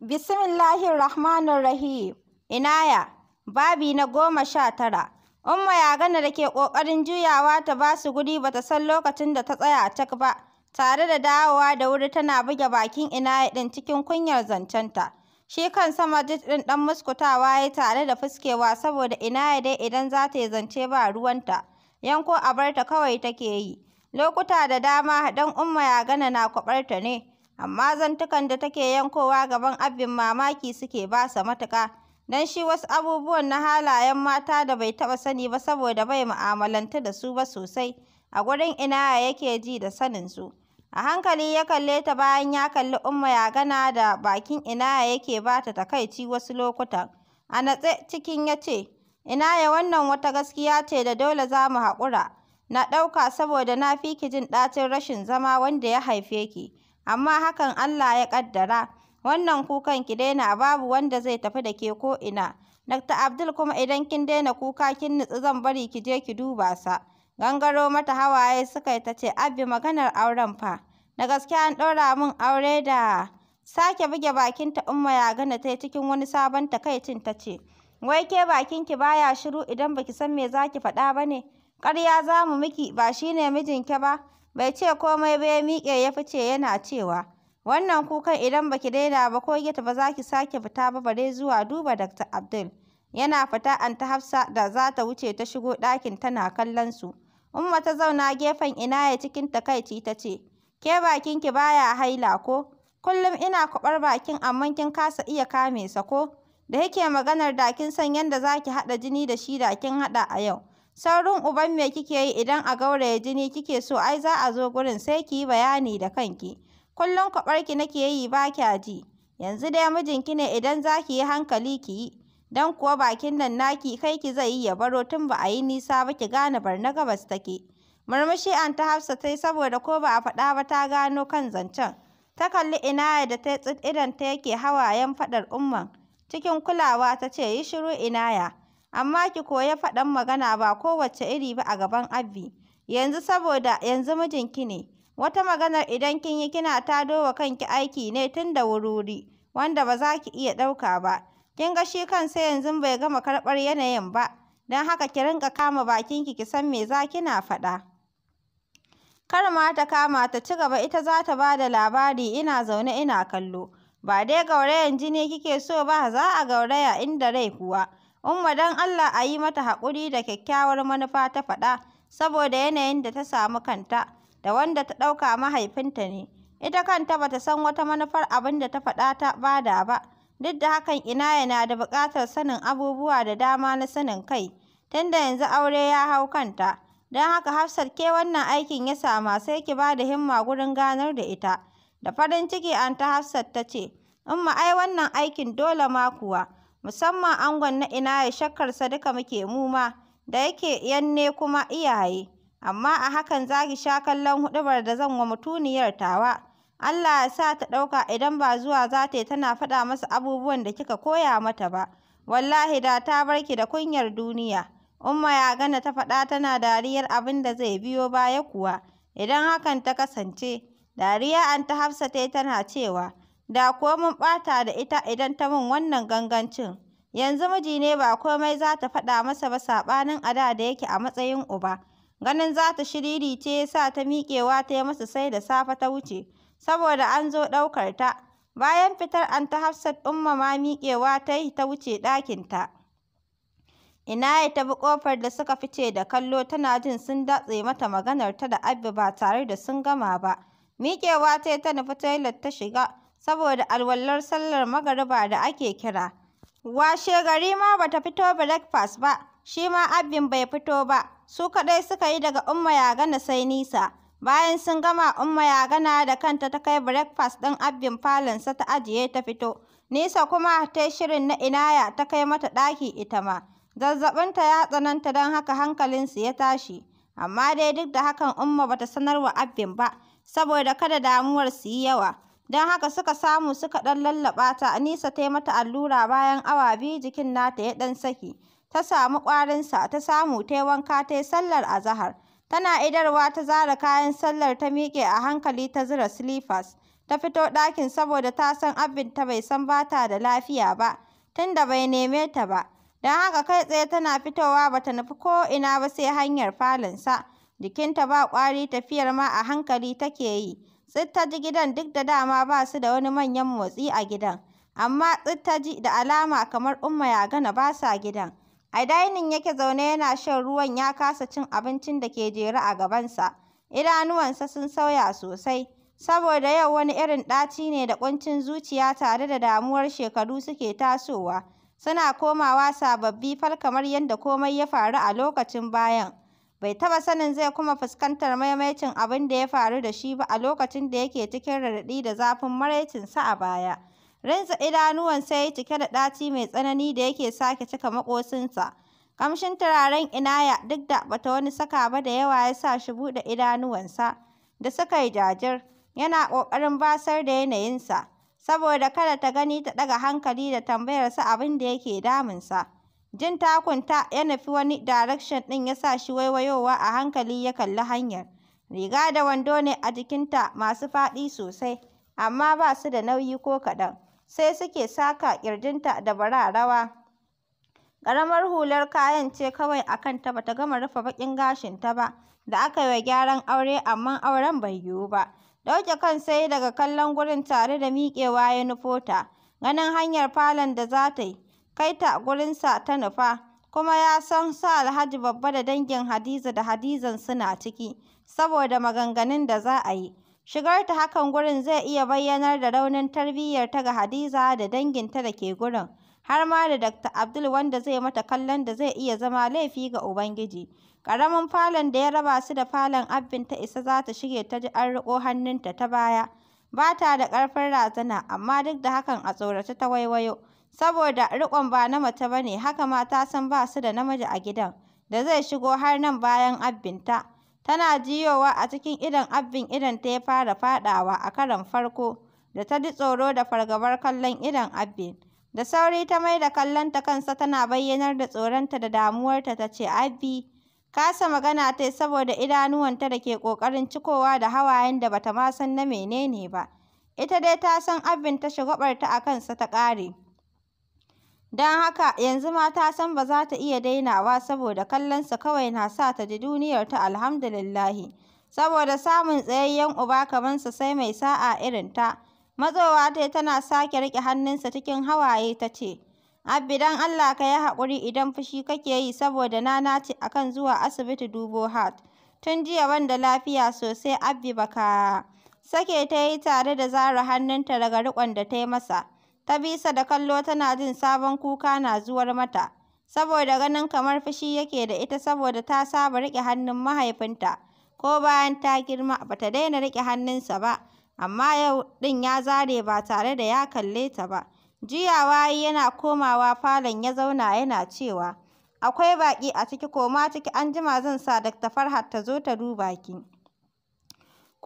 Bismillahir Rahmanir Inaya, babi na goma sha tara. Umma ya gana da ke ƙoƙarin juyawa ta ba su guri ba ta san lokacin da ta tsaya a cak ba, tare da dawowa da wuri tana buge bakin Inaya ɗin cikin kunyar zancenta. Shi kan sama jit ɗin ɗan muskutawa ya tare da fuskewa saboda Inaya dai idan za ta yi zance ba ruwanta, yanko a bar ta kawai take yi. Lokuta da dama dan Umma ya gana na kwaɓarta ne. amma zantukan da take yankowa gaban abin mamaki suke basa matuƙa don shi wasu abubuwan na halayen mata da bai taɓa sani ba saboda bai mu'amalanta da su ba sosai a gurin ina yake ji da sanin su a hankali ya kalle ta bayan ya kalli umma ya gana da bakin ina yake bata takaici wasu lokutan a natse cikin ya ce ina ya wannan wata gaskiya ce da dole za mu haƙura na ɗauka saboda na fi ki jin ɗacin rashin zama wanda ya haife ki amma hakan Allah ya ƙaddara. Wannan kukan ki daina babu wanda zai tafi da ke ko ina. Dr. Abdul kuma idan kin daina kuka kin nutsu zan bari ki je ki duba sa. Gangaro mata hawaye suka yi ta ce Abbi maganar auren fa. Da gaske an ɗora min aure da sake buge bakinta Umma ya gana ta cikin wani sabon takaicin ta ce. Wai ke bakin ki baya shiru idan baki san me zaki faɗa bane. ne. Ƙarya za mu miki ba shine mijinki ba. Bai ce komai ba ya miƙe ya fice yana cewa, Wannan kukan idan baki daina ba ko gita ba za ki sake fita ba bare zuwa duba Dr. Abdul. Yana fita an ta Hafsa da za ta wuce ta shigo ɗakin tana kallon su. Umma ta zauna gefen ina ya cikin takaici ta ce, Ke bakin ki baya haila ko? Kullum ina kwabar bakin amma kin kasa iya kame sa ko? Da yake maganar da kin san yadda za ki haɗa jini da shi da kin haɗa a yau. Saurin uban me kike yi idan a gauraya jini kike so ai za a zo gurin sai ki bayani da kanki. Kullum kwaɓarki nake yi ba kya ji. Yanzu dai mijinki ne idan za ki yi hankali ki yi. Don kuwa bakin nan naki kai ki zai yi ya baro tun ba a yi nisa ba ki gane barna gabas take. Murmushi an ta Hafsa ta yi saboda ko ba a faɗa ba ta gano kan zancen. Ta kalli Inaya da ta tsit idan ta yake hawayen faɗar umman. Cikin kulawa ta ce yi shiru ina ya. amma ki koya faɗan magana ba kowace iri ba a gaban abbi Yanzu saboda yanzu mijinki ne. Wata maganar idan kin yi kina tado wa kanki aiki ne tun da wuri wanda ba za ki iya ɗauka ba. Kin ga shi kansa yanzu bai gama karɓar yanayin ba, don haka ki rinƙa kama bakinki ki san me za kina faɗa. Kar ma ta kama ta ci gaba ita za ta ba da labari ina zaune ina kallo. Ba dai gaurayan jini kike so ba za a gauraya inda rai kuwa. Umma don Allah a yi mata haƙuri da kyakkyawar manufa ta faɗa saboda yanayin da ta samu kanta da wanda ta ɗauka mahaifinta ne. Ita kanta ba ta san wata manufar abin da ta faɗa ta bada ba. Duk da hakan ina yana da buƙatar sanin abubuwa da dama na sanin kai. Tunda yanzu aure ya hau kanta. Don haka Hafsat ke wannan aikin ya sama sai ki ba da himma gurin ganar da ita. Da farin ciki an Hafsat ta ce, Umma ai wannan aikin dole ma kuwa. musamman angon na ina ya shakkar sa duka muke mu ma, da yake yanne kuma iyaye. Amma a hakan za ki sha kallon huɗubar da zan wa mutuniyar tawa. Allah ya sa ta ɗauka idan ba zuwa za ta yi tana faɗa masa abubuwan da kika koya mata ba. Wallahi da ta barki da kunyar duniya. Umma ya gana ta faɗa tana dariyar abin da zai biyo baya kuwa, idan hakan ta kasance. Dariya an ta Hafsa ta tana cewa, da kuwa mun ɓata da ita idan ta min wannan gangancin. Yanzu miji ne ba komai za ta faɗa masa ba saɓanin a da da yake a matsayin uba. Ganin za ta shiririce ya sa ta miƙewa ta yi masa sai da safe ta wuce, saboda an zo ɗaukar ta. Bayan fitar an ta Hafsat Umma ma miƙewa ta yi ta wuce ɗakinta. Ina ya tafi ƙofar da suka fice da kallo tana jin sun datse mata maganar ta da Abba ba tare da sun gama ba. Miƙewa ta yi ta nufi toilet ta shiga. saboda alwalar sallar magariba da ake kira. Washe gari ma bata fito breakfast ba, shi ma abin bai fito ba, su kaɗai suka yi daga Umma Yagana sai nisa. Bayan sun gama Umma Yagana da kanta ta kai breakfast ɗin abin falonsa ta ajiye ta fito. Nisa kuma ta shirin na inaya ta kai mata ɗaki ita ma. Zazzaɓinta ya tsananta don haka hankalinsu ya tashi. Amma dai duk da hakan Umma bata sanar wa abin ba, saboda kada damuwar su yi yawa. don haka suka samu suka ɗan lallaɓa ta Anisa ta yi mata allura bayan awa biyu jikin nata ya ɗan saki ta samu sa ta samu ta yi wanka ta yi sallar azahar tana idarwa ta zara kayan sallar ta miƙe a hankali ta zura silifas ta fito ɗakin saboda ta san abin ta bai san bata da lafiya ba tunda bai neme ta ba don haka kai tsaye tana fitowa bata nufi ko ina ba sai hanyar sa jikinta ba ƙwari tafiyar ma a hankali take yi Tsit gidan duk da dama ba su da wani manyan motsi a gidan. Amma tsittaji da alama kamar Umma ya gana ba sa gidan. A dainin yake zaune yana shan ruwan ya kasa cin abincin da ke jere a gabansa. Idanuwansa sun sauya sosai. Saboda yau wani irin ɗaci ne da ƙuncin zuciya tare da damuwar shekaru suke tasowa. Suna komawa sababbi fal kamar yadda komai ya faru a lokacin bayan. bai taɓa sanin zai kuma fuskantar maimaicin abin da ya faru da shi ba a lokacin da yake cikin raɗaɗi da zafin maraicinsa a baya. Rinsa idanuwan sai ya cike da ɗaci mai tsanani da yake sake cika makosinsa Kamshin turaren inaya duk da bata wani saka ba da yawa ya sa shi buɗe idanuwansa da suka yi jajir. Yana ƙoƙarin basar da yanayinsa saboda kada ta gani ta ɗaga hankali da tambayarsa abin da yake damunsa. Jin takunta ya nufi wani direction ɗin ya sa shi waiwayowa a hankali ya kalli hanyar. Riga da wando ne a jikinta masu faɗi sosai, amma ba su da nauyi ko kaɗan, sai suke saka ƙirjinta da bararawa. Ƙaramar hular kayan ce kawai a kanta ba ta gama rufe baƙin gashinta ba da aka yi wa gyaran aure amma auren bai yiwu ba. Ɗauke kan sai daga kallon gurin tare da miƙewa ya nufo ta, ganin hanyar falon da za ta yi. kai ta gurinsa ta nufa, kuma ya san su Alhaji Babba da dangin Hadiza da Hadizan suna ciki, saboda maganganun da za a yi. shigar ta hakan gurin zai iya bayyanar da raunin tarbiyyar ta ga Hadiza da danginta da ke gurin, har ma da Dr. Abdul wanda zai mata kallon da zai iya zama laifi ga Ubangiji. Ƙaramin falon da ya raba su da falon abin ta isa za ta shige ta ji an riƙo hannunta ta baya. Ba ta da ƙarfin razana, amma duk da hakan a tsorace ta waiwayo. saboda riƙon ba na mace ba ne, haka ma ta san ba su da namiji a gidan da zai shigo har nan bayan abbinta. Tana jiyowa a cikin idon abbin idonta ya fara faɗawa a karon farko da ta ji tsoro da fargabar kallon idon abin Da sauri ta mai da kallonta kansa tana bayyanar da tsoronta da damuwarta ta ce, Abbi, kasa magana tai saboda idanuwanta da ke ƙoƙarin cikowa da hawayen da bata ma san na menene ba. Ita dai ta san abin ta shagwabarta a kansa ta ƙare. Don haka, yanzu mata san ba za ta iya dainawa saboda kallonsa kawai na sa ta ji ta alhamdulillahi. Saboda samun tsayayyen uba kamar sa sai mai sa'a irin ta. Matsowa ta tana sake riƙe hannunsa cikin hawaye ta ce, Abbi don Allah ka yi haƙuri idan fushi kake yi saboda na nace a kan zuwa asibiti dubo heart. Tun jiya wanda lafiya sosai Abbi baka sake ta yi tare da zara hannunta daga riƙon da ta yi masa. ta bisa da kallo tana jin sabon kuka na zuwar mata, saboda ganin kamar fushi yake da ita saboda ta saba riƙe hannun mahaifinta, ko bayan ta girma ba ta daina riƙe hannunsa ba, amma yau ɗin ya zare ba tare da ya kalle ta ba. Juyawa yana komawa falon ya zauna yana cewa, akwai baƙi a ciki koma ciki an jima zan sa Dakta Farhat ta zo ta duba ki.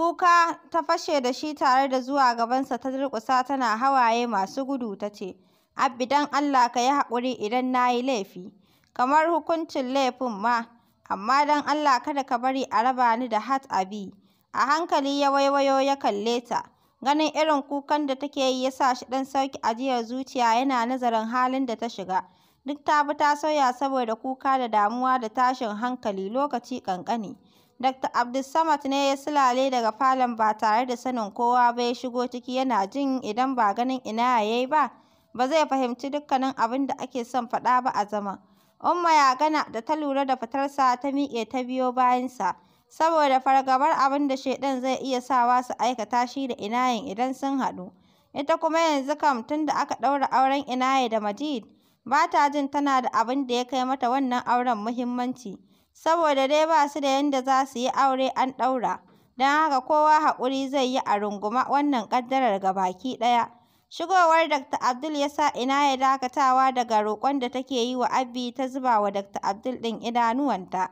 Kuka ta fashe da shi tare da zuwa gabansa ta durƙusa tana hawaye masu gudu ta ce, Abbi don Allah ka yi haƙuri idan na yi laifi, kamar hukuncin laifin ma, amma don Allah kada ka bari a raba ni da Hat Abi. A hankali ya waiwayo ya kalle ta, ganin irin kukan da take yi ya sa shi ɗan sauki ajiyar zuciya yana nazarin halin da ta shiga. Duk ta bi ta sauya saboda kuka da damuwa da tashin hankali lokaci ƙanƙani. Dr. Abdulsamad ne ya silale daga falon ba tare da sanin kowa ba ya shigo ciki yana jin idan ba ganin ina ya yi ba, ba zai fahimci dukkanin abin da ake son faɗa ba a zama. Umma ya gana da ta lura da fitarsa ta miƙe ta biyo bayansa, saboda fargabar abin da shaiɗan zai iya sawa su aikata shi da inayin idan sun haɗu. Ita kuma yanzu kam tun da aka ɗaura auren inaye da Majid, ba ta jin tana da abin da ya kai mata wannan auren muhimmanci. saboda dai ba su da yadda za su yi aure an ɗaura, don haka kowa haƙuri zai yi a runguma wannan ƙaddarar ga baki ɗaya. Shigowar Dr. Abdul ya sa ina ya dakatawa daga roƙon da take yi wa Abby ta zuba wa Dr. Abdul ɗin idanuwanta.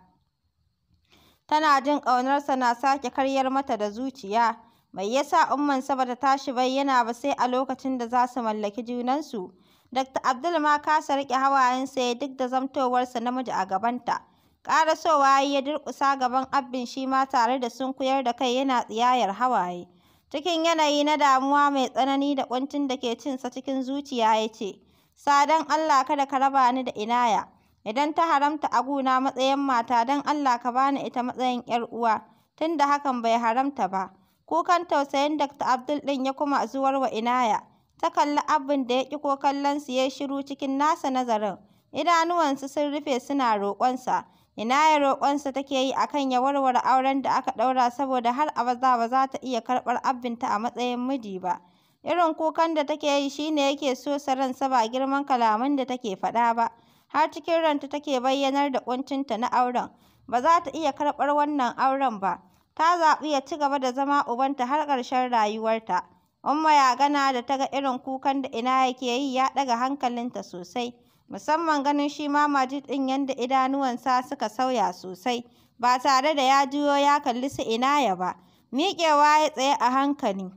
Tana jin ƙaunarsa na sake karyar mata da zuciya. Mai yasa ummansa ba ta tashi bayyana ba sai a lokacin da za su mallaki junansu. Dr. Abdul ma kasa riƙe hawayensa ya duk da zamtowarsa namiji a gabanta. Ƙarasowa ya yi ya durƙusa gaban Abin shi ma tare da sunkuyar da kai yana tsiyayar hawaye. Cikin yanayi na damuwa mai tsanani da ƙuncin da ke cinsa cikin zuciya ya ce, Sadan Allah kada ka raba ni da inaya, idan ta haramta a matsayin mata don Allah ka bani ita matsayin 'yar uwa, tunda hakan bai haramta ba. Kukan tausayin Dr. Abdul ɗin ya kuma zuwar wa inaya, ta kalli abin da ya ƙi ko su ya shiru cikin nasa nazarin, idanuwansu sun rufe suna roƙonsa. ina ya roƙonsa take yi a kan ya warware auren da aka ɗaura saboda har abada ba za ta iya karɓar abinta a matsayin miji ba. Irin kukan da take yi shi ne yake sa ransa ba girman kalaman da take faɗa ba. Har cikin ranta take bayyanar da ƙuncinta na auren. Ba za ta iya karɓar wannan auren ba. Ta zaɓi ya ci gaba da zama ubanta har ƙarshen rayuwarta. Umma ya gana da ta ga irin kukan da ina yake yi ya ɗaga hankalinta sosai. musamman ganin shi ma Majid ɗin yadda idanuwansa suka sauya sosai ba tare da ya juyo ya kalli su ina ya ba. Miƙewa ya tsaye a hankali.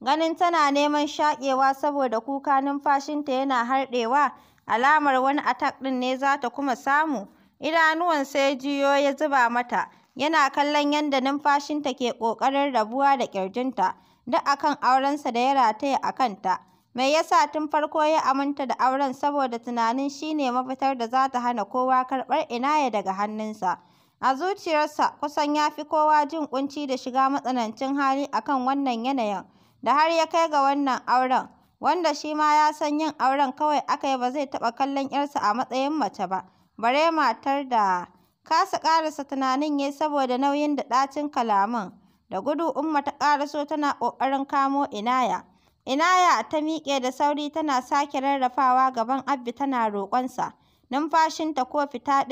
Ganin tana neman shaƙewa saboda kuka numfashinta yana harɗewa alamar wani attack ɗin ne za ta kuma samu. Idanuwansa ya juyo ya zuba mata yana kallon yadda numfashinta ke ƙoƙarin rabuwa da ƙirjinta duk akan aurensa da ya rataya a kanta. Me yasa tun farko ya aminta da auren saboda tunanin shi ne mafitar da za ta hana kowa karɓar inaya daga hannunsa. A zuciyarsa kusan ya fi kowa jin ƙunci da shiga matsanancin hali a kan wannan yanayin da har ya kai ga wannan auren, wanda shi ma ya san yin auren kawai aka yi ba zai taɓa kallon 'yarsa a matsayin mace ba, bare matar da kasa ƙarasa tunanin ya saboda nauyin da ɗacin kalaman. Da gudu Umma ta ƙaraso tana ƙoƙarin kamo Inaya. Inaya ta miƙe da sauri tana sake rarrafawa gaban abbi tana roƙonsa. Numfashinta ko fita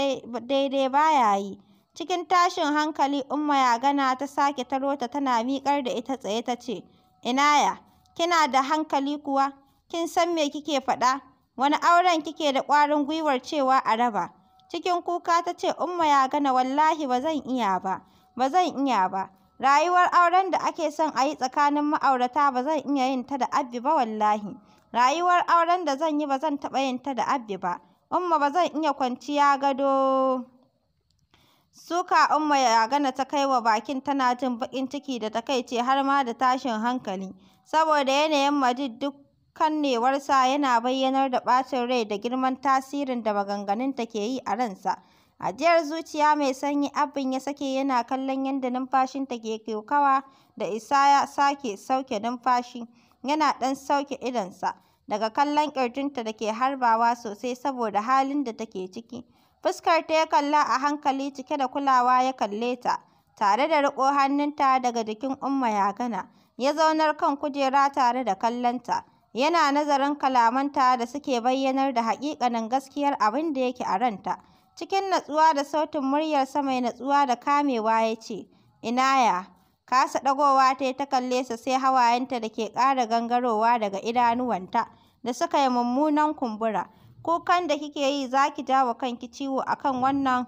daidai ba ya yi. Cikin tashin hankali Umma ya gana ta sake taro ta tana miƙar da ita tsaye ta ce, Inaya, kina da hankali kuwa? Kin san me kike faɗa? Wani auren kike da ƙwarin gwiwar cewa a raba? Cikin kuka ta ce, Umma ya gana. wallahi ba ba zan iya ba. Rayuwar auren da ake son a yi tsakanin ma'aurata ba zan iya yin ta da Abby ba wallahi. Rayuwar auren da zan yi ba zan taɓa yin ta da Abby ba. Umma ba zan iya kwanciya gado. Suka Umma Yagana ta kai wa bakin tana jin baƙin ciki da takaici har ma da tashin hankali. Saboda yanayin Majid duk kannewarsa yana bayyanar da ɓacin rai da girman tasirin da maganganunta ke yi a ransa. Ajiyar zuciya mai sanyi Abin ya sake yana kallon yadda numfashinta ke kyaukawa da isa ya sake sauke numfashi, yana ɗan sauke idonsa daga kallon ƙirjinta da ke harbawa sosai saboda halin da take ciki. Fuskar ta ya kalla a hankali cike da kulawa ya kalle ta, tare da riƙo hannunta daga jikin Umma ya gana, ya zaunar kan kujera tare da kallonta. yana nazarin kalamanta da suke bayyanar da haƙiƙanin gaskiyar abin da yake a ranta. Cikin natsuwa da sautin muryarsa mai natsuwa da kamewa ya ce, Inaya, kasa ɗagowa ta yi ta kalle sa sai hawayenta da ke ƙara gangarowa daga idanuwanta da suka yi mummunan kumbura. Kukan da kike yi za ki ja wa kanki ciwo a kan wannan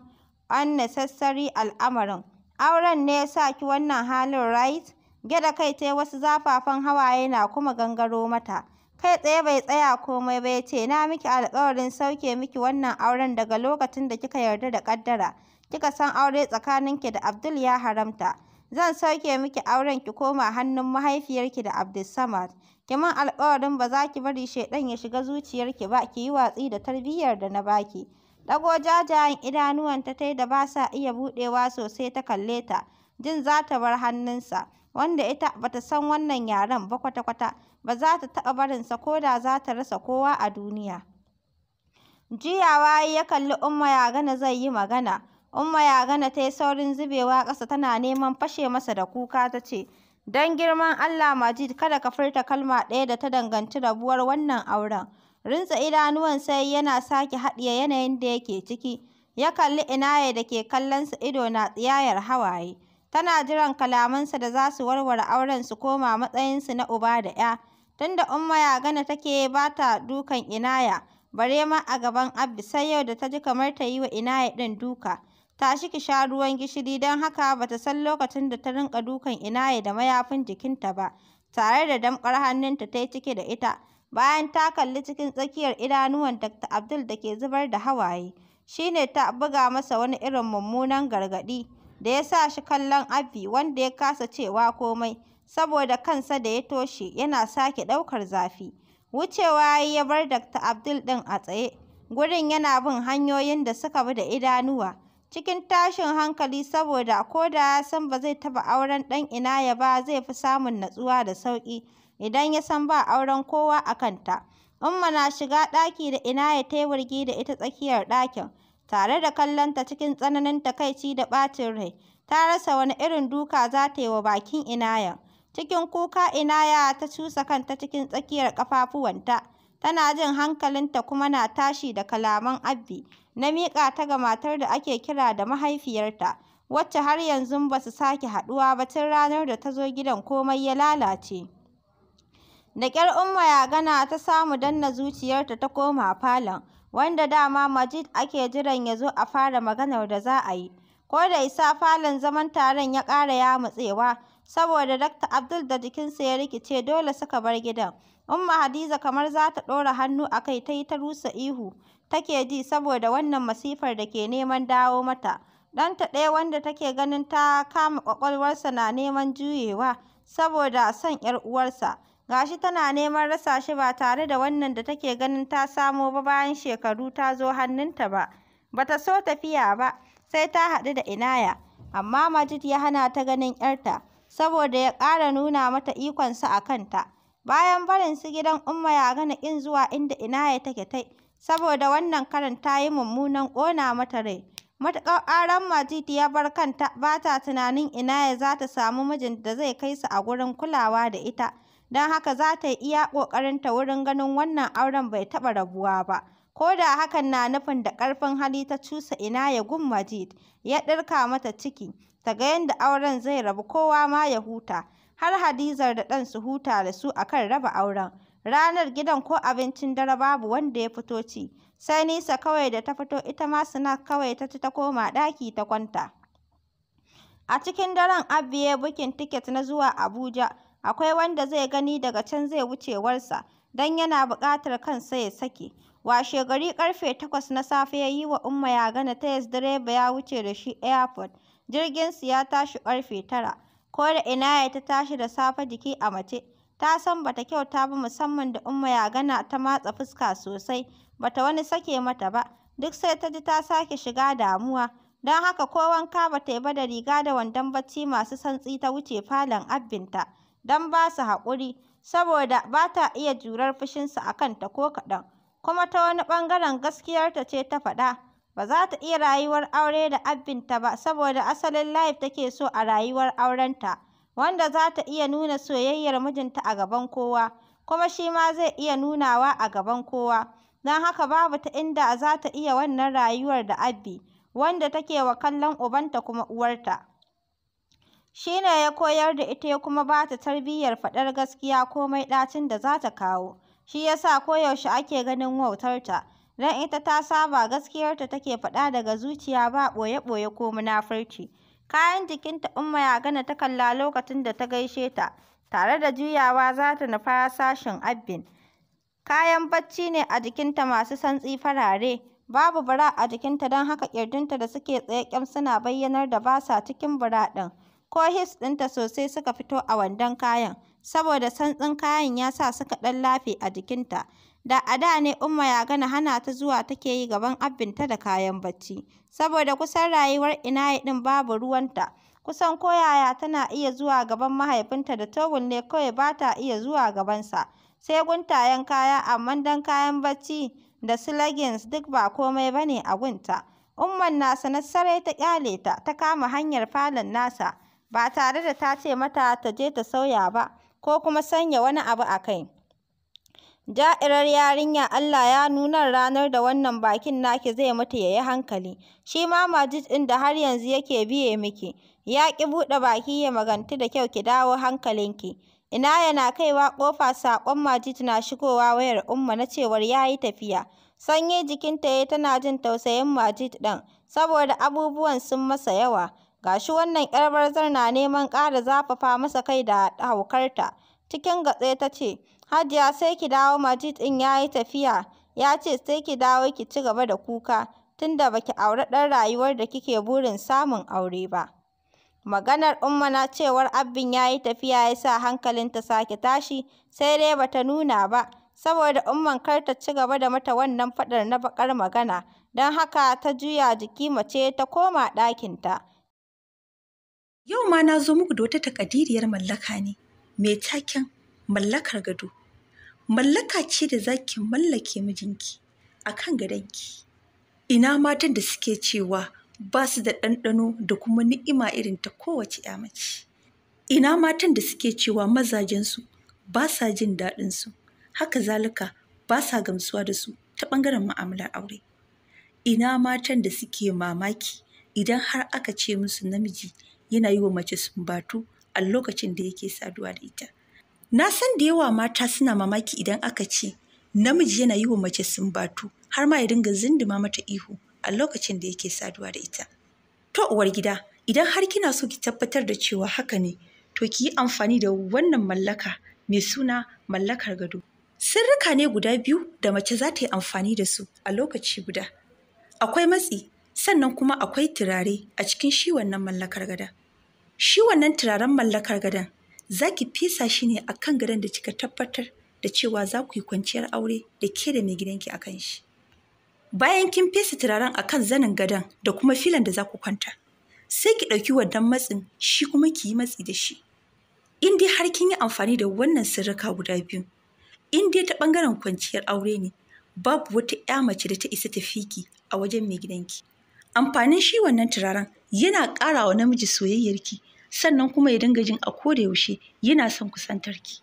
unnecessary al'amarin. Auren ne ya sa ki wannan halin right? Gyaɗa kai ta wasu zafafan hawaye na kuma gangaro mata. Kai tsaye bai tsaya komai ba ya ce, na miki alkawarin sauke miki wannan auren daga lokacin da kika yarda da ƙaddara. Kika san aure tsakanin ki da Abdul ya haramta. Zan sauke miki auren ki koma hannun mahaifiyarki da Abdulsamad. Ki min alkawarin ba za ki bari shaiɗan ya shiga zuciyarki ba, ki yi watsi da tarbiyyar da na baki. dago jajayen idanuwanta ta yi da ba sa iya buɗewa sosai ta kalle ta, jin za ta bar hannunsa. wanda ita bata san wannan yaren ba kwata-kwata ba za ta taɓa barinsa ko da za ta rasa kowa a duniya. Jiya Juyawa ya kalli Umma Yagana zai yi magana. Umma Yagana ta yi saurin zubewa ƙasa tana neman fashe masa da kuka ta ce, Don girman Allah Majid kada ka furta kalma ɗaya da ta danganci rabuwar wannan auren. Rintsa idanuwan sai yana sake haɗiye yanayin da yake ciki. Ya kalli Inaye da ke kallonsa ido na tsiyayar hawaye. Tana jiran kalamansa da za su warware auren su koma matsayinsu na uba da ‘ya. Tunda Umma ya gana take ba ta dukan Inaya, bare ma a gaban Abdi sai yau da ta ji kamar ta yi wa Inaya ɗin duka. Tashi ki sha ruwan gishiri don haka ba ta san lokacin da ta rinka dukan Inaya da mayafin jikinta ba, tare da damƙar hannunta ta yi cike da ita. Bayan ta kalli cikin tsakiyar idanuwan Dr. Abdul da ke zubar da hawaye, shi ne ta buga masa wani irin mummunan gargaɗi. da ya sa shi kallon Abby wanda ya kasa cewa komai saboda kansa da ya toshe yana sake ɗaukar zafi. Wucewa ya yi ya bar Dr. Abdul ɗin a tsaye, gurin yana bin hanyoyin da suka bi da idanuwa. Cikin tashin hankali saboda ko da ya san ba zai taba auren ɗan ina ya ba zai fi samun natsuwa da sauƙi idan ya san ba auren kowa a kanta. Umma na shiga ɗaki da ya ta yi da ita tsakiyar ɗakin. tare da kallonta cikin tsananin takaici da ɓacin rai. Ta rasa wani irin duka za ta yi wa bakin inaya Cikin kuka Inaya ta cusa kanta cikin tsakiyar ƙafafuwanta. Tana jin hankalinta kuma na tashi da kalaman Abbi na miƙa ta ga matar da ake kira da mahaifiyarta, wacce har yanzu ba su sake haɗuwa ba tun ranar da ta zo gidan komai ya lalace. Da ƙyar Umma ya gana ta samu danna zuciyarta ta koma falon. wanda dama Majid ake jiran ya zo a fara maganar da za a yi. Ko da isa falon zaman taron ya ƙara yamutsewa, saboda Dr. Abdul da jikinsa ya rikice dole suka bar gidan. Umma Hadiza kamar za ta ɗora hannu a kai ta yi ta rusa ihu take ji saboda wannan masifar da ke neman dawo mata. Ɗanta ɗaya wanda take ganin ta kama ƙwaƙwalwarsa na neman juyewa saboda son ‘yar uwarsa. gashi tana neman rasa shi ba tare da wannan da take ganin ta samo ba bayan shekaru ta zo hannunta ba bata so tafiya ba sai ta haɗu da inaya amma Majid ya hana ta ganin 'yarta saboda ya ƙara nuna mata ikonsa a kanta bayan barin su gidan Umma ya gana ƙin zuwa inda inaya take tai saboda wannan karan ta yi mummunan ƙona mata rai matuƙar ƙaran Majid ya bar kanta ba ta tunanin inaya za ta samu mijin da zai kai su a gurin kulawa da ita don haka za ta yi iya ƙoƙarinta wurin ganin wannan auren bai taɓa rabuwa ba. Ko da hakan na nufin da ƙarfin hali ta cusa ina ya gun Majid, ya ɗirka mata ciki, ta ga yadda auren zai rabu kowa ma ya huta, har Hadizar da ɗan su huta da su akan raba auren. Ranar gidan ko abincin dare babu wanda ya fito ci, sai Nisa kawai da ta fito ita ma suna kawai ta ci ta koma ɗaki ta kwanta. A cikin daren Abby ya bukin tiket na zuwa Abuja. akwai wanda zai gani daga can zai wucewarsa, don yana buƙatar kansa ya sake. Washegari ƙarfe takwas na safe ya yi wa Umma Yagana tayas direba ya wuce da shi airport. Jirginsu ya tashi ƙarfe tara. Ko da Inaya ta tashi da safe jiki a mace, ta san bata kyauta ba musamman da Umma Yagana ta matsa fuska sosai, ba ta wani sake mata ba. Duk sai ta ji ta sake shiga damuwa. Don haka ko wanka ta yi ba da riga da wandon bacci masu santsi ta wuce falon abinta. don ba su haƙuri, saboda ba ta iya jurar fushinsa a kanta ko kaɗan, kuma ta wani ɓangaren gaskiyarta ce ta faɗa, ba za ta iya rayuwar aure da abinta ba saboda asalin life take so a rayuwar aurenta, wanda za ta iya nuna soyayyar mijinta a gaban kowa, kuma shi ma zai iya nunawa a gaban kowa, don haka babu ta inda za ta iya wannan rayuwar da Abbi, wanda take wa kallon ubanta kuma uwarta. Shi ne ya koyar da ita ya kuma ba ta tarbiyyar faɗar gaskiya komai ɗacin da za ta kawo. Shi ya sa koyaushe ake ganin wautarta, don ita ta saba gaskiyarta take faɗa daga zuciya ba ɓoye-ɓoye ko munafurci. Kayan jikinta Umma Yagana ta kalla lokacin da ta gaishe ta, tare da juyawa za ta nufa sashin abin. Kayan bacci ne a jikinta masu santsi farare, babu bura a jikinta don haka ƙirjinta da suke tsaye suna bayyanar da ba sa cikin bura ɗin. ko his ɗinta sosai suka fito a wandon kayan, saboda santsin kayan ya sa suka ɗan lafe a jikinta. Da a da ne Umma ya gana hana ta zuwa take yi gaban abinta da kayan bacci, saboda kusan rayuwar ina Inaye ɗin babu ruwanta. Kusan koyaya tana iya zuwa gaban mahaifinta da towul ne kawai ba ta iya zuwa gabansa, sai guntayen kaya a don kayan bacci da su leggings duk ba komai ba ne a gunta. Umman na sarai ta ƙyale ta, ta kama hanyar falon nasa. ba tare da ta ce mata ta je ta sauya ba ko kuma sanya wani abu a kai. Ja'irar yarinya Allah ya nunar ranar da wannan bakin naki zai mutu ya yi hankali, shi ma majid ɗin da har yanzu yake biye miki, ya ƙi buɗe baki ya maganti da kyau ki dawo hankalinki. Ina yana kaiwa ƙofa saƙon majid na shigowa wayar Umma na cewar ya yi tafiya. Sanyi jikinta ya tana jin tausayin majid ɗin, saboda abubuwan sun masa yawa. Gashi wannan 'yar banzar na neman ƙara zafafa masa kai da haukarta. Cikin gatse ta ce, Hajiya sai ki dawo Majid ɗin ya yi tafiya, ya ce sai ki dawo ki ci gaba da kuka, tunda ba ki auri ɗan rayuwar da kike burin samun aure ba. Maganar ummana cewar Abin ya yi tafiya ya sa hankalinta sake tashi, sai dai ba ta nuna ba, saboda Umman kar ta ci gaba da mata wannan faɗar na baƙar magana, don haka ta juya jiki mace ta koma ɗakinta. Yau ma na zo muku da wata takadiriyar mallaka ne mai taken mallakar gado. Mallaka ce da za ki mallake mijinki a kan gadonki. Ina matan da suke cewa ba su da ɗanɗano da kuma ni'ima irin ta kowace ‘ya mace. Ina matan da suke cewa mazajensu ba sa jin daɗinsu, haka zalika ba sa gamsuwa da su ta ɓangaren ma'amalar aure. Ina matan da suke mamaki idan har aka ce musu namiji yana yi wa mace sumbatu a lokacin da yake saduwa da ita. Na san da yawa mata suna mamaki idan aka ce namiji yana yi wa mace sumbatu har ma ya dinga zinduma mata ihu a lokacin da yake saduwa da ita. To uwar gida, idan har kina so ki tabbatar da cewa haka ne, to ki yi amfani da wannan mallaka mai suna mallakar gado. Sirrika ne guda biyu da mace za ta yi amfani da su a lokaci guda. Akwai matsi, sannan kuma akwai turare a cikin shi wannan mallakar gada. shi wannan turaren mallakar gadon za ki fesa shi ne a kan gadon da kika tabbatar da cewa za ku yi kwanciyar aure da ke da mai gidanki a kan shi bayan kin fesa turaren a kan zanin gadon da kuma filan da za ku kwanta sai ki ɗauki wannan matsin shi kuma ki yi matsi da shi in dai har kin yi amfani da wannan sirrika guda biyu in dai ta ɓangaren kwanciyar aure ne babu wata ya mace da ta isa ta fiki a wajen mai gidanki amfanin shi wannan turaren yana ƙara wa namiji soyayyarki sannan kuma ya dinga jin a koda yaushe yana son kusantar ki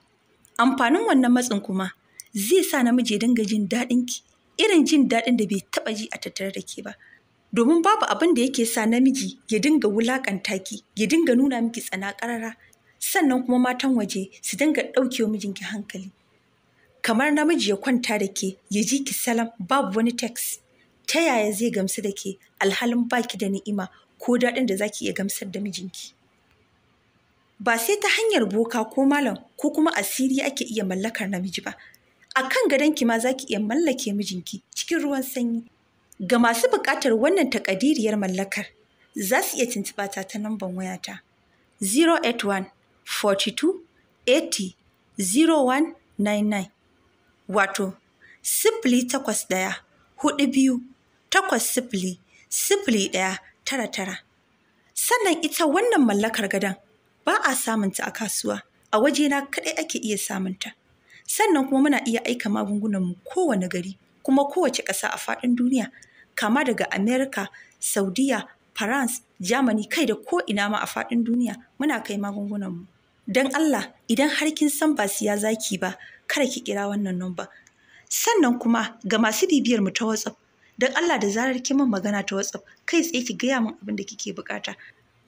amfanin wannan matsin kuma zai sa namiji ya dinga jin daɗin ki irin jin daɗin da bai taɓa ji a tattare da ke ba domin babu abin da yake sa namiji ya dinga wulaƙanta ki ya dinga nuna miki tsana ƙarara sannan kuma matan waje su dinga ɗauke wa mijinki hankali kamar namiji ya kwanta da ke ya ji ki salam babu wani text ta yaya zai gamsu da ke alhalin baki da ni'ima ko daɗin da zaki iya gamsar da mijinki ba sai ta hanyar boka ko malam ko kuma asiri ake iya mallakar namiji ba a kan gadonki ma za ki iya mallake mijinki cikin ruwan sanyi ga masu buƙatar wannan takadiriyar mallakar za su iya tuntuɓa ta ta namban wayata 081 42 80 0199 wato sifili takwas ɗaya hudu biyu takwas sifili sifili ɗaya tara tara sannan ita wannan mallakar gadon ba a samunta a kasuwa a wajena kaɗai ake iya samunta sannan kuma muna iya aika magungunan mu kowane gari kuma kowace ƙasa a faɗin duniya kama daga america saudiya france germany kai da ko ina ma a faɗin duniya muna kai magungunan mu. dan allah idan har kin san ba siya zaki ba kada ki kira wannan numba sannan kuma ga masu bibiyar mu ta whatsapp dan allah da zarar kin min magana ta whatsapp kai tsaye ki gaya min abin da kike bukata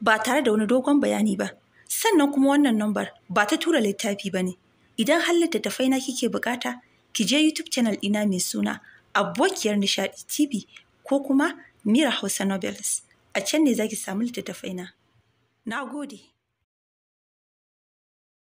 ba tare da wani dogon bayani ba sannan kuma wannan number ba ta tura littafi ba ne idan har littattafai na kike bukata ki je youtube channel ina mai suna abokiyar nishadi tv ko kuma mira hausa novels a can ne zaki samu littattafai na na gode